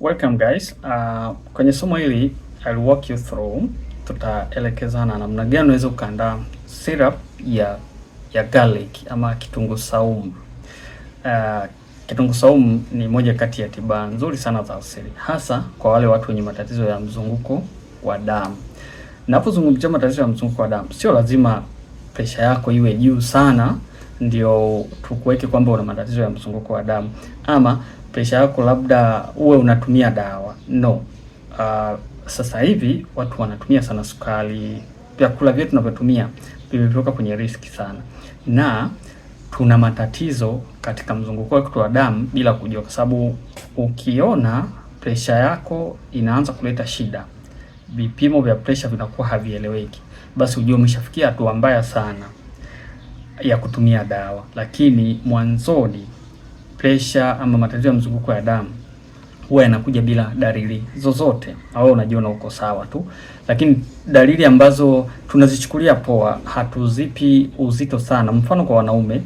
Welcome guys. Uh, kwenye somo hili I'll walk you through, tutaelekezana namna gani unaweza ukaandaa syrup ya ya garlic ama kitungu saumu. Uh, ah, kitungu saumu ni moja kati ya tiba nzuri sana za asili, hasa kwa wale watu wenye matatizo ya mzunguko wa damu. Napozungumzia matatizo ya mzunguko wa damu, sio lazima presha yako iwe juu sana ndio tukuweke kwamba una matatizo ya mzunguko wa damu ama presha yako labda uwe unatumia dawa no. Uh, sasa hivi watu wanatumia sana sukari, vyakula vyetu tunavyotumia vimetoka kwenye riski sana, na tuna matatizo katika mzunguko wetu wa damu bila kujua, kwa sababu ukiona presha yako inaanza kuleta shida, vipimo vya presha vinakuwa havieleweki, basi ujue umeshafikia hatua mbaya sana ya kutumia dawa, lakini mwanzoni presha ama matatizo ya mzunguko ya damu huwa yanakuja bila dalili zozote, au unajiona uko sawa tu, lakini dalili ambazo tunazichukulia poa, hatuzipi uzito sana. Mfano kwa wanaume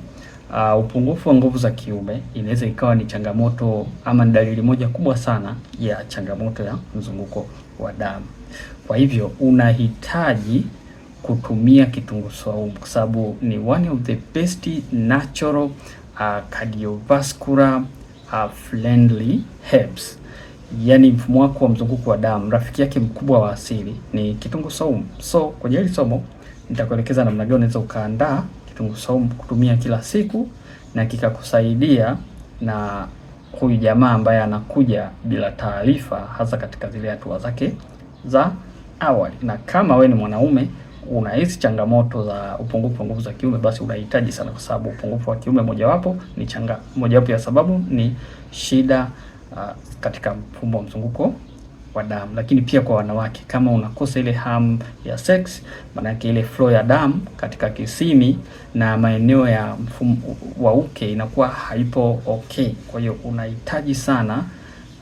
uh, upungufu wa nguvu za kiume inaweza ikawa ni changamoto ama ni dalili moja kubwa sana ya changamoto ya mzunguko wa damu. Kwa hivyo unahitaji kutumia kitunguu saumu kwa sababu ni one of the best natural uh, cardiovascular uh, friendly herbs, yani mfumo wako wa mzunguko wa damu, rafiki yake mkubwa wa asili ni kitunguu saumu. So kwenye hili somo nitakuelekeza namna gani unaweza ukaandaa kitunguu saumu kutumia kila siku na kikakusaidia na huyu jamaa ambaye anakuja bila taarifa, hasa katika zile hatua zake za awali. Na kama we ni mwanaume unahisi changamoto za upungufu wa nguvu za kiume, basi unahitaji sana, kwa sababu upungufu wa kiume mojawapo ni changa, mojawapo ya sababu ni shida uh, katika mfumo wa mzunguko wa damu. Lakini pia kwa wanawake, kama unakosa ile hamu ya sex, maanake ile flow ya damu katika kisimi na maeneo ya mfumo wa uke inakuwa haipo okay, kwa hiyo unahitaji sana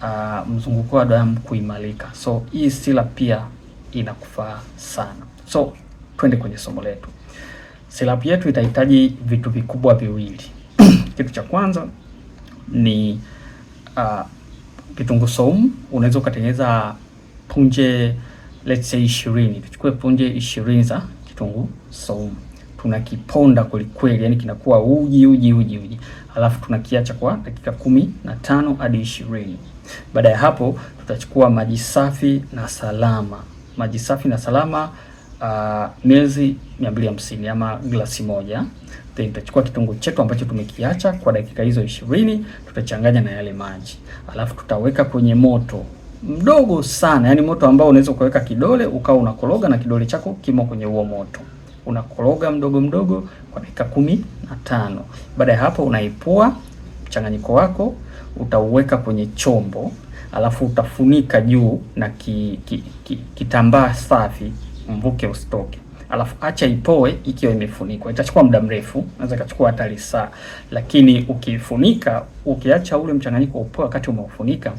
uh, mzunguko wa damu kuimarika. So hii sila pia inakufaa sana so twende kwenye somo letu. Silabu yetu itahitaji vitu vikubwa viwili. Kitu cha kwanza ni uh, kitunguu saumu. Unaweza ukatengeneza punje let's say ishirini, Tuchukue punje ishirini za kitunguu saumu, tunakiponda kweli kweli, yani kinakuwa uji uji uji uji, alafu tunakiacha kwa dakika kumi na tano hadi ishirini. Baada ya hapo tutachukua maji safi na salama, maji safi na salama uh, miezi 250 ama glasi moja. Then tutachukua kitunguu chetu ambacho tumekiacha kwa dakika hizo ishirini, tutachanganya na yale maji, alafu tutaweka kwenye moto mdogo sana, yani moto ambao unaweza ukaweka kidole ukawa unakologa na kidole chako kimo kwenye huo moto, unakologa mdogo mdogo kwa dakika kumi na tano. Baada ya hapo, unaipua mchanganyiko wako, utauweka kwenye chombo, alafu utafunika juu na ki, ki, ki, kitambaa safi mvuke usitoke, alafu acha ipoe ikiwa imefunikwa. Itachukua muda mrefu, naweza ikachukua hata saa, lakini ukifunika, ukiacha ule mchanganyiko upoe wakati umeufunika,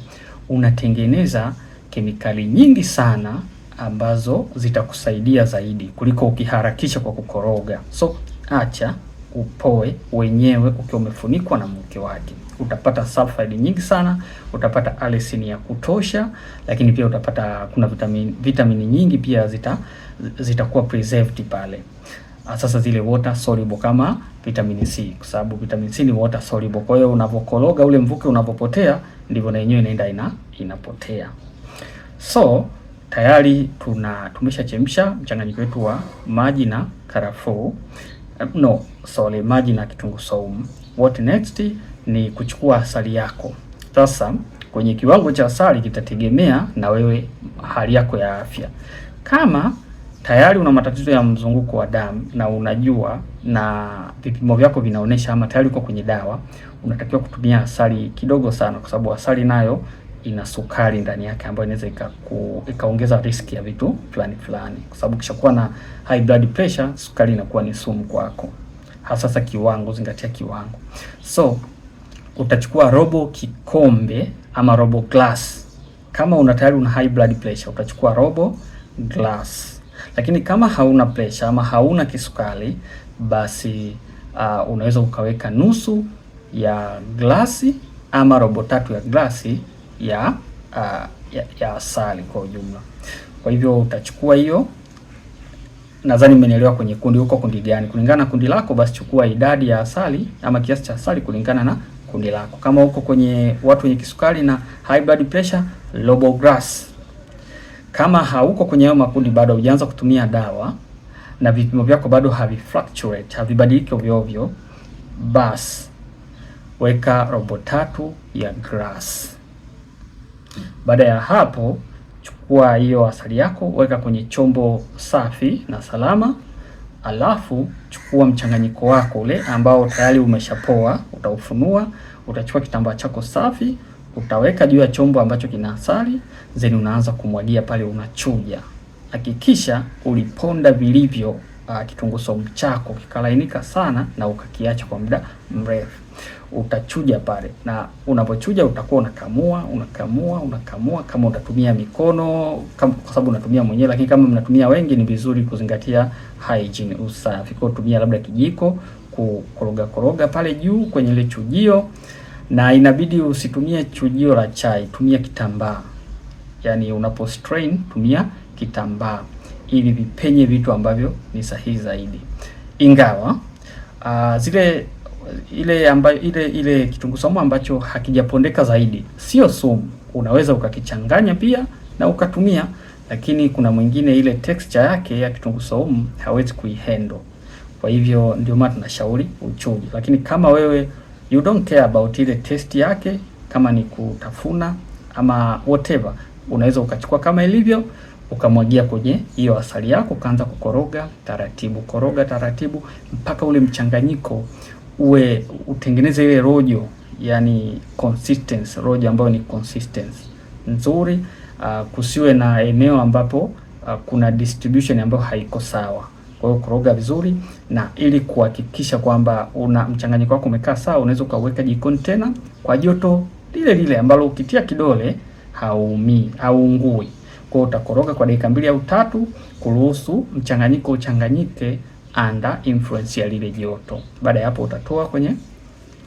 unatengeneza kemikali nyingi sana ambazo zitakusaidia zaidi kuliko ukiharakisha kwa kukoroga. So acha upoe wenyewe ukiwa umefunikwa na mvuke wake utapata sulfide nyingi sana, utapata allicin ya kutosha, lakini pia utapata kuna vitamini, vitamini nyingi pia zita zitakuwa preserved pale. Ah, sasa zile water soluble kama vitamini C, kwa sababu vitamini C ni water soluble. Kwa hiyo unavokologa ule mvuke unapopotea, ndivyo na yenyewe inaenda ina, inapotea. So tayari tuna tumeshachemsha mchanganyiko wetu wa maji na karafuu no, sorry, maji na kitunguu saumu. What next? ni kuchukua asali yako. Sasa kwenye kiwango cha asali kitategemea na wewe hali yako ya afya. Kama tayari una matatizo ya mzunguko wa damu na unajua na vipimo vyako vinaonyesha ama tayari uko kwenye dawa, unatakiwa kutumia asali kidogo sana, kwa sababu asali nayo ina sukari ndani yake ambayo inaweza ikaongeza riski ya vitu fulani fulani, kwa sababu ukishakuwa na high blood pressure, sukari inakuwa ni sumu kwako. Hasa kiwango, zingatia kiwango so utachukua robo kikombe ama robo glass. Kama una tayari una high blood pressure utachukua robo glass, lakini kama hauna pressure ama hauna kisukari, basi uh, unaweza ukaweka nusu ya glasi ama robo tatu ya glasi ya, uh, ya, ya asali kwa ujumla. Kwa hivyo utachukua hiyo Nadhani mmenielewa kwenye kundi huko, kundi gani, kulingana na kundi lako, basi chukua idadi ya asali ama kiasi cha asali kulingana na kundi lako. Kama uko kwenye watu wenye kisukari na high blood pressure, Lobogras. Kama hauko kwenye hayo makundi bado hujaanza kutumia dawa na vipimo vyako bado havifluctuate, havibadiliki ovyo ovyo, bas weka robo tatu ya grass. Baada ya hapo, chukua hiyo asali yako, weka kwenye chombo safi na salama. Alafu chukua mchanganyiko wako ule ambao tayari umeshapoa, utaufunua, utachukua kitambaa chako safi, utaweka juu ya chombo ambacho kina asali, zeni unaanza kumwagia pale unachuja. Hakikisha uliponda vilivyo uh, kitunguu saumu chako kikalainika sana na ukakiacha kwa muda mrefu, utachuja pale, na unapochuja utakuwa unakamua unakamua unakamua, kama utatumia mikono kama, kwa sababu unatumia mwenyewe, lakini kama mnatumia wengi, ni vizuri kuzingatia hygiene, usafi, kwa kutumia labda kijiko kukoroga koroga pale juu kwenye ile chujio, na inabidi usitumie chujio la chai, tumia kitambaa. Yani unapo strain tumia kitambaa ili vipenye vitu ambavyo ni sahihi zaidi, ingawa uh, zile ile ambayo ile ile kitunguu saumu ambacho hakijapondeka zaidi, sio sumu, unaweza ukakichanganya pia na ukatumia, lakini kuna mwingine ile texture yake ya kitunguu saumu hawezi kuihendo. Kwa hivyo ndio maana tunashauri uchuji lakini kama wewe you don't care about ile taste yake, kama ni kutafuna ama whatever, unaweza ukachukua kama ilivyo ukamwagia kwenye hiyo asali yako, ukaanza kukoroga taratibu, koroga taratibu mpaka ule mchanganyiko uwe utengeneze ile rojo, yani consistency, rojo ambayo ni consistency nzuri. Uh, kusiwe na eneo ambapo uh, kuna distribution ambayo haiko sawa. Kwa hiyo koroga vizuri, na ili kuhakikisha kwamba una mchanganyiko wako umekaa sawa, unaweza ukaweka jikoni tena kwa joto lile lile ambalo ukitia kidole hauumii, hauungui. Kwa utakoroga kwa dakika mbili au tatu kuruhusu mchanganyiko uchanganyike under influence ya lile joto. Baada ya hapo utatoa kwenye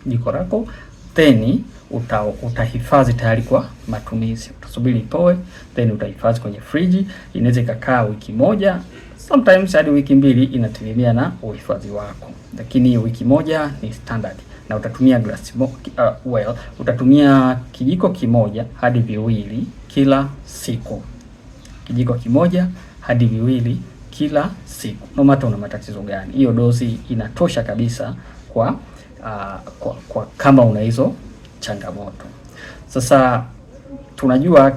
jiko lako then uta, utahifadhi tayari kwa matumizi. Utasubiri ipoe then utahifadhi kwenye friji, inaweza ikakaa wiki moja sometimes hadi wiki mbili, inategemea na uhifadhi wako, lakini wiki moja ni standard na utatumia glass uh, well, utatumia kijiko kimoja hadi viwili kila siku kijiko kimoja hadi viwili kila siku, no matter una matatizo gani. Hiyo dozi inatosha kabisa kwa, uh, kwa, kwa kama una hizo changamoto. Sasa tunajua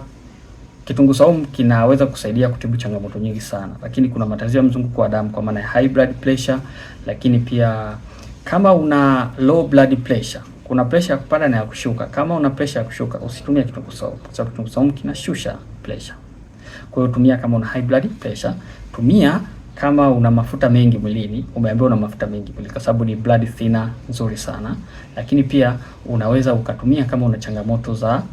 kitunguu saumu kinaweza kusaidia kutibu changamoto nyingi sana, lakini kuna matatizo ya mzunguko wa damu kwa maana ya high blood pressure, lakini pia kama una low blood pressure, kuna pressure ya kupanda na ya kushuka. Kama una pressure ya kushuka, usitumie kitunguu saumu kwa sababu kitunguu saumu kinashusha pressure. Kwa hiyo tumia kama una high blood pressure, tumia kama una mafuta mengi mwilini, umeambiwa una mafuta mengi mwilini kwa sababu ni blood thinner nzuri sana. Lakini pia unaweza ukatumia kama una changamoto za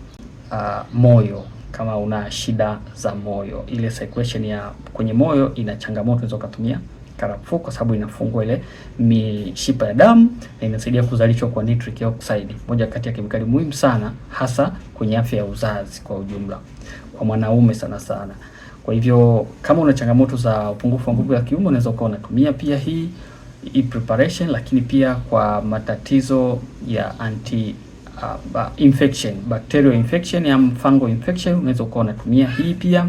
uh, moyo, kama una shida za moyo, ile circulation ya kwenye moyo ina changamoto, unaweza ukatumia karafuu kwa sababu inafungua ile mishipa ya damu na inasaidia kuzalishwa kwa nitric oxide, moja kati ya kemikali muhimu sana hasa kwenye afya ya uzazi kwa ujumla, kwa mwanaume sana sana. Kwa hivyo kama una changamoto za upungufu wa nguvu ya kiume, unaweza ukawa unatumia pia hii hii preparation, lakini pia kwa matatizo ya anti uh, infection, bacterial infection ya mfango infection, unaweza ukawa unatumia hii pia.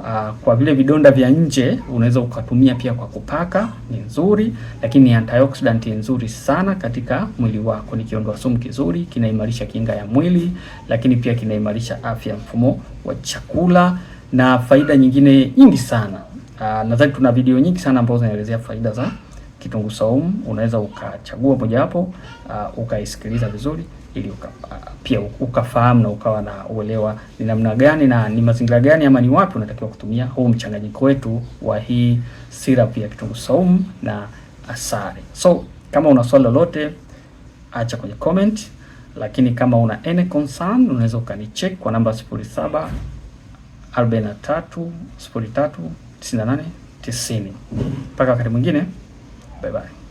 Uh, kwa vile vidonda vya nje unaweza ukatumia pia kwa kupaka, ni nzuri, lakini antioxidant ni nzuri sana katika mwili wako. Ni kiondoa sumu kizuri, kinaimarisha kinga ya mwili, lakini pia kinaimarisha afya mfumo wa chakula na faida nyingine nyingi sana. Ah, nadhani tuna video nyingi sana ambazo zinaelezea faida za kitunguu saumu. Unaweza ukachagua mojawapo uh, ukaisikiliza vizuri ili uka, uh, pia ukafahamu na ukawa na uelewa ni namna gani na ni mazingira gani ama ni wapi unatakiwa kutumia huu mchanganyiko wetu wa hii syrup ya kitunguu saumu na asali. So kama una swali lolote acha kwenye comment, lakini kama una any concern unaweza ukanicheck kwa namba 07 43 03 98 90. Mpaka wakati mwingine, bye bye.